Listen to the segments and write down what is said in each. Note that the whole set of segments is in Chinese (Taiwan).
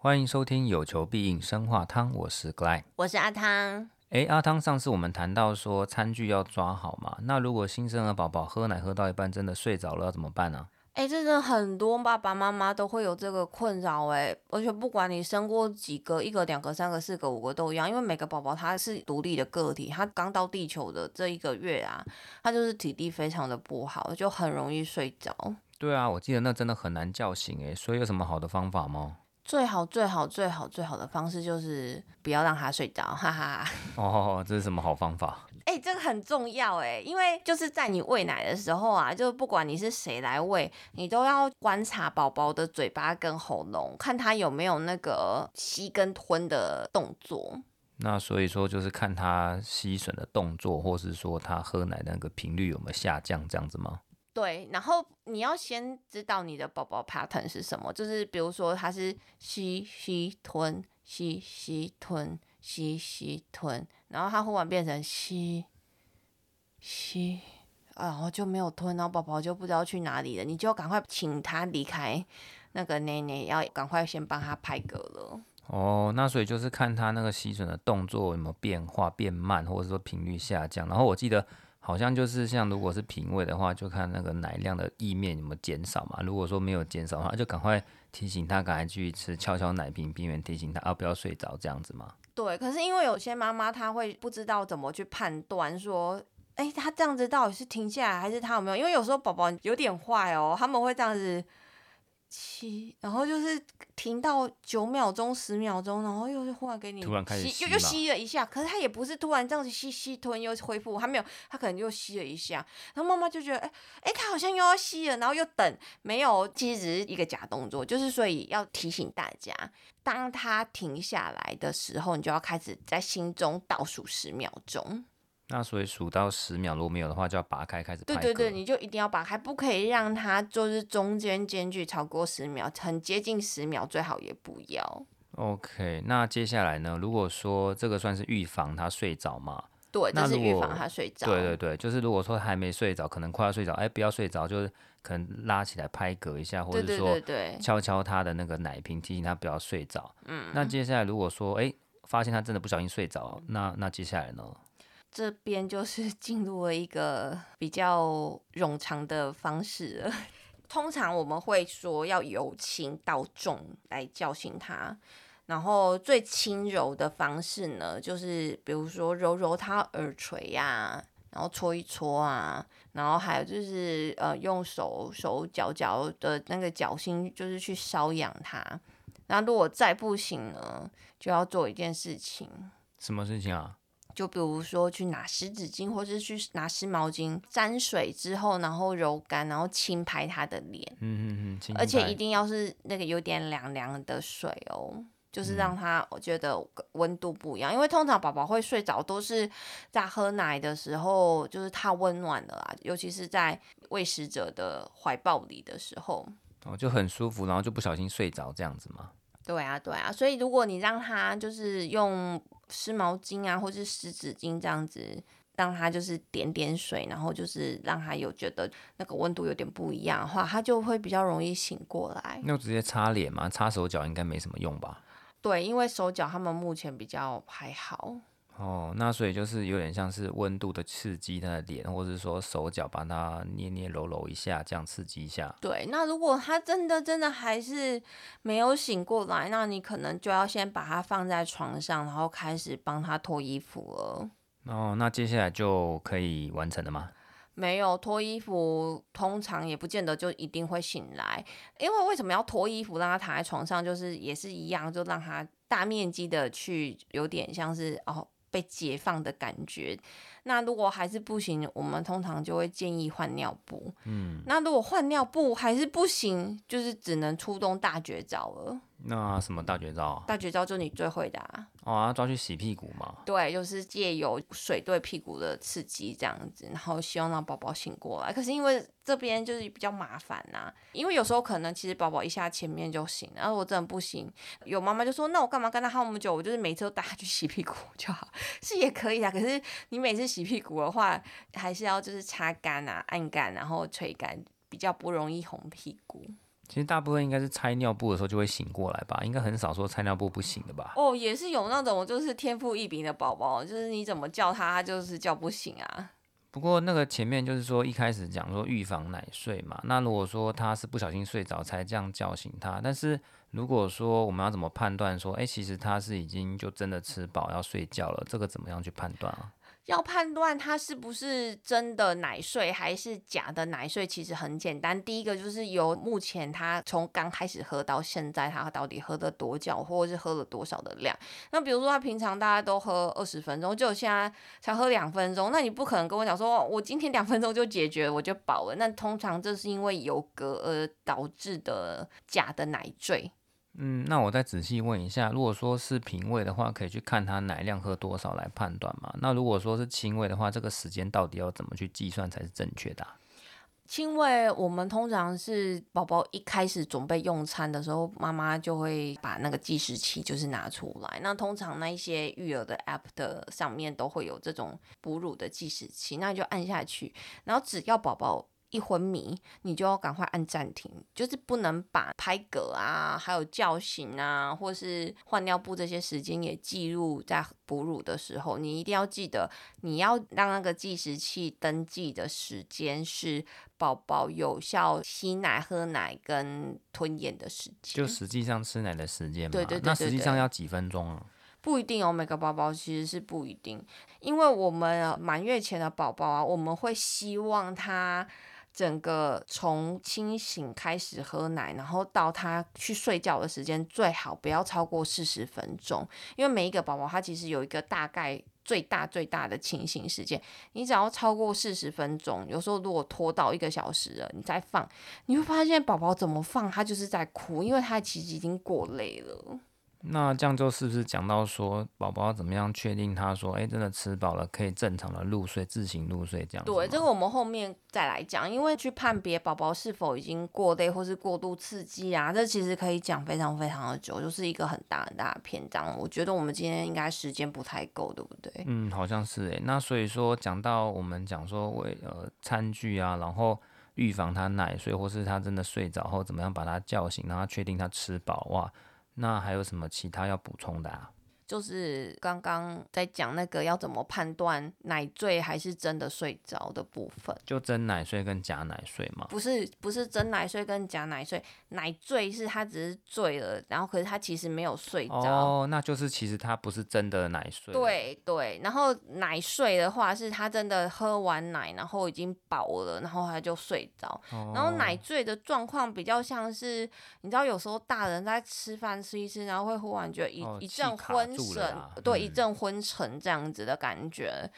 歡迎收聽《有求必應生化湯》，我是 Glen，我是阿湯。誒，阿湯，上次我們談到說餐具要抓好嘛，那如果新生兒寶寶喝奶喝到一半真的睡着了，要怎麼辦呢、啊？誒，這真的很多爸爸媽媽都會有這個困擾誒，而且不管你生過幾個，一個、兩個、三個、四個、五個都一樣，因為每個寶寶他是獨立的個體，他剛到地球的這一個月啊，他就是體力非常的不好，就很容易睡着。對啊，我記得那真的很難叫醒誒，所以有什麼好的方法嗎？最好最好最好最好的方式就是不要讓他睡着，哈哈。哦，這是什麼好方法？誒、欸，這個很重要誒，因為就是在你餵奶的時候啊，就不管你是誰來餵，你都要觀察寶寶的嘴巴跟喉嚨，看他有沒有那個吸跟吞的動作。那所以說就是看他吸吮的動作，或是說他喝奶的那個頻率有沒有下降，這樣子嗎？對，然後你要先知道你的寶寶 pattern 是什麼，就是比如說他是吸吸吞吸吸吞吸吸吞，吸吸吞，然後他忽然變成吸吸，啊，然後就沒有吞，然後寶寶就不知道去哪裡了，你就趕快請他離開那個內內，要趕快先幫他拍嗝了。哦，那所以就是看他那個吸吮的動作有沒有變化、變慢，或者說頻率下降，然後我記得。好像就是像如果是瓶餵的話，就看那個奶量的液面有沒有減少嘛。如果說沒有減少的話，就趕快提醒他，趕快去吃，敲敲奶瓶邊緣提醒他啊，不要睡着這樣子嘛。對，可是因為有些媽媽她會不知道怎麼去判斷說，誒、欸，他這樣子到底是停下來還是他有沒有？因為有時候寶寶有點壞哦，他們會這樣子。七，然後就是停到九秒鐘、十秒鐘，然後又是忽然給你，突然開始吸，又又吸了一下。可是他也不是突然這樣子吸，吸突然又恢復，他沒有，他可能又吸了一下。然後媽媽就覺得，哎哎，他好像又要吸了，然後又等，沒有，其實只是一個假動作。就是所以要提醒大家，當他停下來的時候，你就要開始在心中倒數十秒鐘。那所以數到十秒，如果沒有的話，就要拔開開始拍嗝。對對對，你就一定要拔開，不可以讓他就是中間間距超過十秒，很接近十秒，最好也不要。OK，那接下來呢？如果說這個算是預防他睡着嘛？對，那是預防他睡着。對對對，就是如果說還沒睡着，可能快要睡着，哎、欸，不要睡着，就是可能拉起來拍嗝一下，或者說敲敲他的那個奶瓶，提醒他不要睡着。嗯。那接下來如果說哎、欸，發現他真的不小心睡着，嗯、那那接下來呢？這邊就是進入了一個比較冗長的方式了。通常我們會說要由輕到重來叫醒他，然後最輕柔的方式呢，就是比如說揉揉他耳垂呀、啊，然後搓一搓啊，然後還有就是呃用手手腳腳的那個腳心，就是去搔癢他。那如果再不行呢，就要做一件事情，什麼事情啊？就比如說去拿濕紙巾，或者去拿濕毛巾，沾水之後，然後揉乾，然後輕拍他的臉。嗯嗯嗯。而且一定要是那個有點涼涼的水哦、喔，就是讓他我覺得溫度不一樣。因為通常寶寶會睡着都是在喝奶的時候，就是太溫暖了啦，尤其是在餵食者的懷抱裡的時候。哦，就很舒服，然後就不小心睡着這樣子嘛。對啊，對啊。啊、所以如果你讓他就是用。濕毛巾啊，或是濕紙巾這樣子，讓他就是點點水，然後就是讓他有覺得那個溫度有點不一樣的話，他就會比較容易醒過來。那直接擦臉嗎？擦手腳應該沒什麼用吧？對，因為手腳他們目前比較還好。哦，那所以就是有點像是溫度的刺激他的臉，或是說手腳幫他捏捏揉揉一下，這樣刺激一下。對，那如果他真的真的還是沒有醒過來，那你可能就要先把他放在床上，然後開始幫他脫衣服了。哦，那接下來就可以完成了嗎？沒有，脫衣服，通常也不見得就一定會醒來，因為為什麼要脫衣服讓他躺在床上，就是也是一樣，就讓他大面積的去有點像是哦。解放的感覺。那如果還是不行，我們通常就會建議換尿布。嗯，那如果換尿布還是不行，就是只能出動大絕招了。那什麼大絕招、啊？大絕招就是你最會的啊！要、哦啊、抓去洗屁股嘛？對，就是借由水對屁股的刺激這樣子，然後希望讓寶寶醒過來。可是因為這邊就是比較麻煩吶、啊，因為有時候可能其實寶寶一下前面就醒，然、啊、後我真的不行。有媽媽就說，那我幹嘛跟他耗那麼久？我就是每次都帶他去洗屁股就好，是也可以啊。可是你每次洗屁股的話，還是要就是擦乾啊、按乾然後吹乾，比較不容易紅屁股。其實大部分應該是拆尿布的時候就會醒過來吧，應該很少說拆尿布不醒的吧。哦，也是有那種就是天賦異稟的寶寶，就是你怎麼叫他，他就是叫不醒啊。不過那個前面就是說一開始講說預防奶睡嘛，那如果說他是不小心睡着才這樣叫醒他，但是如果說我們要怎麼判斷說，哎，其實他是已經就真的吃飽要睡覺了，這個怎麼樣去判斷啊？要判斷他是不是真的奶醉還是假的奶醉，其實很簡單。第一個就是由目前他從剛開始喝到現在，他到底喝了多久，或者是喝了多少的量。那比如說他平常大家都喝二十分鐘，就現在才喝兩分鐘，那你不可能跟我講說，我今天兩分鐘就解決我就飽了。那通常這是因為有嗝而導致的假的奶醉。嗯，那我再仔細問一下，如果說是瓶餵的話，可以去看他奶量喝多少來判斷嗎？那如果說是親餵的話，這個時間到底要怎麼去計算才是正確的？啊？親餵我們通常是寶寶一開始準備用餐的時候，媽媽就會把那個計時器就是拿出來。那通常那一些育兒的 app 的上面都會有這種哺乳的計時器，那就按下去，然後只要寶寶。一昏迷，你就要趕快按暫停，就是不能把拍嗝啊、還有叫醒啊，或是換尿布這些時間也記錄在哺乳的時候。你一定要記得，你要讓那個計時器登記的時間是寶寶有效吸奶、喝奶跟吞嚥的時間，就實際上吃奶的時間嘛，對，對對對對。那實際上要幾分鐘啊？不一定哦，每個寶寶其實是不一定，因為我們滿月前的寶寶啊，我們會希望他。整個從清醒開始喝奶，然後到他去睡覺的時間，最好不要超過四十分鐘。因為每一個寶寶他其實有一個大概最大最大的清醒時間。你只要超過四十分鐘，有時候如果拖到一個小時了，你再放，你會發現寶寶怎麼放，他就是在哭，因為他其實已經過累了。那這樣就是不是講到說寶寶怎麼樣確定他說哎、欸、真的吃飽了可以正常的入睡，自行入睡這樣子？對，這個我們後面再來講，因為去判別寶寶是否已經過累或是過度刺激啊，這其實可以講非常非常的久，就是一個很大很大的篇章。我覺得我們今天應該時間不太夠，對不對？嗯，好像是誒、欸。那所以說講到我們講說餵呃餐具啊，然後預防他奶睡或是他真的睡着後怎麼樣把他叫醒，然後確定他吃飽哇。那還有什麼其他要補充的啊？就是剛剛在講那個要怎麼判斷奶醉還是真的睡着的部分，就真奶睡跟假奶睡嘛。不是，不是真奶睡跟假奶睡，奶醉是他只是醉了，然後可是他其實沒有睡着哦，那就是其實他不是真的奶睡。對對，然後奶睡的話是他真的喝完奶，然後已經飽了，然後他就睡着然後奶醉的狀況比較像是，哦、你知道有時候大人在吃飯吃一吃，然後會忽然覺得一、哦、一陣昏。啊、對一陣昏沉這樣子的感覺，嗯、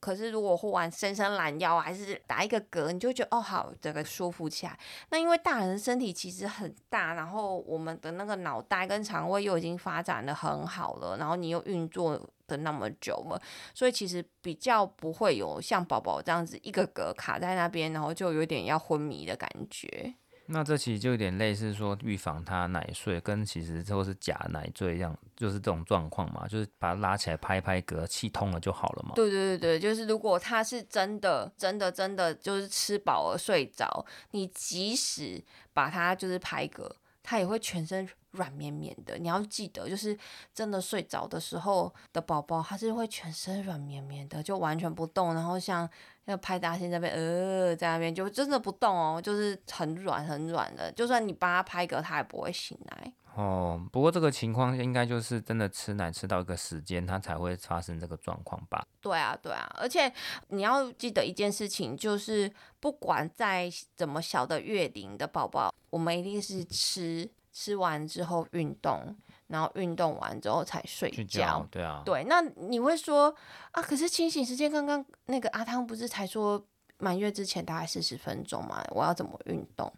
可是如果喝完伸伸懶腰還是打一個嗝，你就覺得哦好，整個舒服起來。那因為大人身體其實很大，然後我們的那個腦袋跟腸胃又已經發展得很好了，然後你又運作得那麼久嘛，所以其實比較不會有像寶寶這樣子一個嗝卡在那邊，然後就有點要昏迷的感覺。那這其實就有點類似說預防他奶睡，跟其實就是假奶醉一樣，就是這種狀況嘛，就是把他拉起來拍拍嗝，氣通了就好了嘛。對對對對，就是如果他是真的真的真的就是吃飽了睡着，你即使把他就是拍嗝，他也會全身，軟綿綿的，你要記得，就是真的睡着的時候的寶寶，他是會全身軟綿綿的，就完全不動。然後像那個派大星這邊，呃，在那邊就真的不動哦，就是很軟很軟的。就算你幫他拍嗝，他也不會醒來。哦，不過這個情況應該就是真的吃奶吃到一個時間，他才會發生這個狀況吧？對啊，對啊。而且你要記得一件事情，就是不管在怎麼小的月齡的寶寶，我們一定是吃、嗯。吃完之後運動，然後運動完之後才睡覺，睡覺，對啊，對。那你會說啊？可是清醒時間剛剛那個阿湯不是才說滿月之前大概四十分鐘嘛，我要怎麼運動？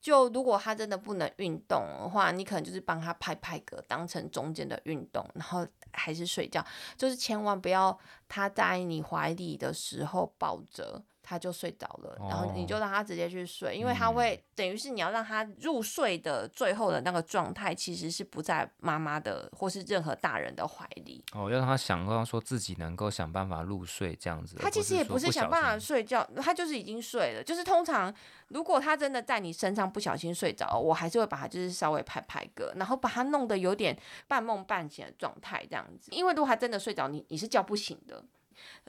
就如果他真的不能運動的話，你可能就是幫他拍拍嗝，當成中間的運動，然後還是睡覺。就是千萬不要他在你懷裡的時候抱着。他就睡着了，然後你就讓他直接去睡，哦，因為他會等於是你要讓他入睡的最後的那個狀態，其實是不在媽媽的或是任何大人的懷裡。哦，要讓他想到說自己能夠想辦法入睡這樣子。他其實也不是想辦法睡覺，他就是已經睡了。就是通常如果他真的在你身上不小心睡着，我還是會把他就是稍微拍拍嗝，然後把他弄得有點半夢半醒的狀態這樣子。因為如果他真的睡着，你你是叫不醒的。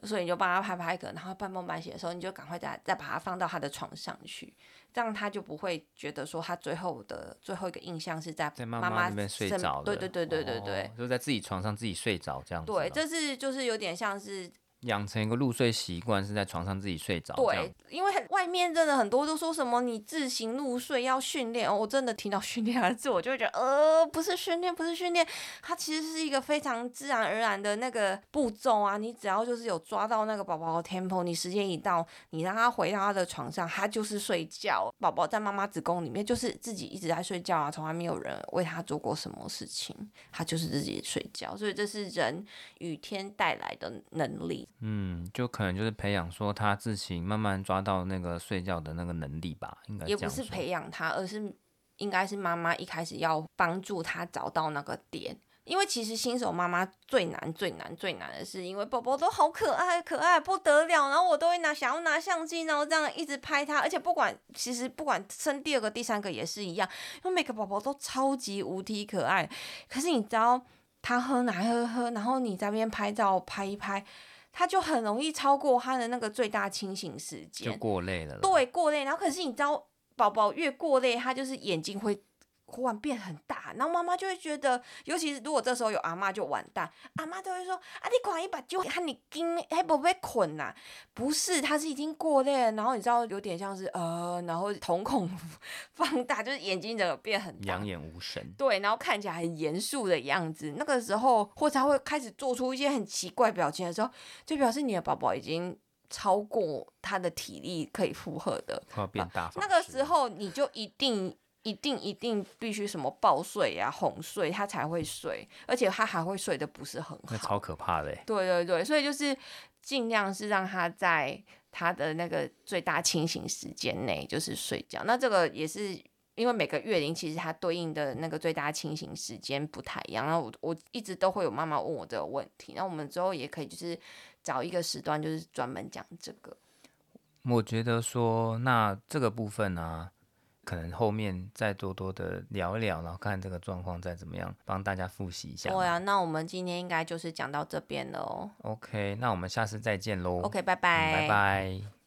所以你就幫他拍拍嗝，然後半夢半醒的時候，你就趕快再再把他放到他的床上去，這樣他就不會覺得說他最後的最後一個印象是在媽媽身邊睡着。對對對對對對。哦，就在自己床上自己睡着這樣子。對，這是就是有點像是。養成一個入睡習慣，是在床上自己睡着。對，這樣。因為外面真的很多都說什麼你自行入睡要訓練哦，我真的聽到“訓練”兒子我就會覺得呃，不是訓練，不是訓練，它其實是一個非常自然而然的那個步驟啊。你只要就是有抓到那個寶寶的 tempo，你時間一到，你讓他回到他的床上，他就是睡覺。寶寶在媽媽子宮裡面就是自己一直在睡覺啊，從來沒有人為他做過什麼事情，他就是自己睡覺，所以這是人與天帶來的能力。嗯，就可能就是培養說他自己慢慢抓到那個睡覺的那個能力吧，應該也不是培養他，而是應該是媽媽一開始要幫助他找到那個點，因為其實新手媽媽最難最難最難的是，因為寶寶都好可愛，可愛不得了，然後我都會拿想要拿相機，然後這樣一直拍他，而且不管，其實不管生第二個第三個也是一樣，因為每個寶寶都超級無敵可愛，可是你知道他喝奶喝喝，然後你在那邊拍照拍一拍。他就很容易超過他的那個最大清醒時間，就過累了，對，過累。然後，可是你知道，寶寶越過累，他就是眼睛會。哭完變很大，然後媽媽就會覺得，尤其是如果這時候有阿嬤，就完蛋。阿嬤就會說：“啊，你狂一把就喊你驚，還不會捆吶？不是，他是已經過累了，然後你知道，有點像是呃，然後瞳孔 放大，就是眼睛的變很大，兩眼無神。對，然後看起來很嚴肅的樣子。那個時候，或者他會開始做出一些很奇怪表情的時候，就表示你的寶寶已經超過他的體力可以負荷的。變大、啊，那個時候你就一定。一定一定必須什麼抱睡呀、哄睡，他才會睡，而且他還會睡得不是很好，超可怕的。對對對，所以就是盡量是讓他在他的那個最大清醒時間內就是睡覺。那這個也是因為每個月齡其實它對應的那個最大清醒時間不太一樣。然後我我一直都會有媽媽問我這個問題，那我們之後也可以就是找一個時段就是專門講這個。我覺得說那這個部分呢、啊。可能後面再多多的聊一聊，然後看這個狀況再怎麼樣，幫大家複習一下。對啊，那我們今天應該就是講到這邊了哦。OK，那我們下次再見嘍。OK，拜拜，拜拜，嗯。Bye bye